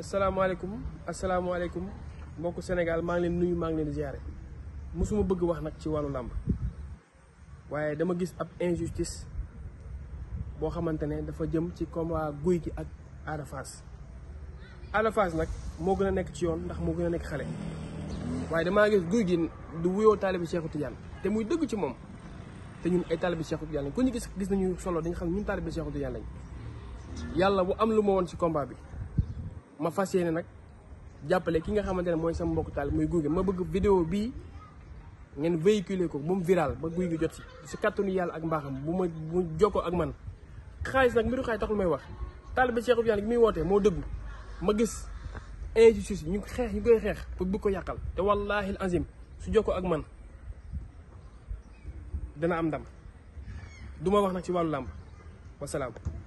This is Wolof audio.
asalaamaaleykum asalaamaaleykum mbokku Sénégal maa ngi leen nuyu maa ngi leen di ziare mosuma bëgg wax nag ci wàllu làmb waaye dama gis ab injustice boo xamante ne dafa jëm ci combat guy gi ak Ada Fass nag moo gën a nekk ci yoon ndax moo gën a nekk xale waaye damaa gis guy gi du wuyoo taalibi Cheikhou Tidiane te muy dëgg ci moom te ñun ay taalibi Cheikhou Tidiane lañ ku ñu gis gis nañu solo dañu xam ñun taalibi Cheikhou Tidiane lañ yàlla bu am lu ma woon ci combat bi ma fas yéene nag jàppale ki nga xamante ne mooy sama mbokku taal muy guy gi ma bëgg vidéo bii ngeen véhiculer ko bu mu viral ba guy gi jot si si kàttanu yàlla ak mbaaxam bu ma bu jokkoo ak man xaalis nag mbiru xaalis taxul may wax taalibe Cheikh Oudjiane bi muy wootee moo dëgg ma gis injustice ñu xeex ñu koy xeex pour bëgg ko yàqal te wallaahi azim su jokkoo ak man dana am ndam du ma wax nag ci wàllu làmb wasalaam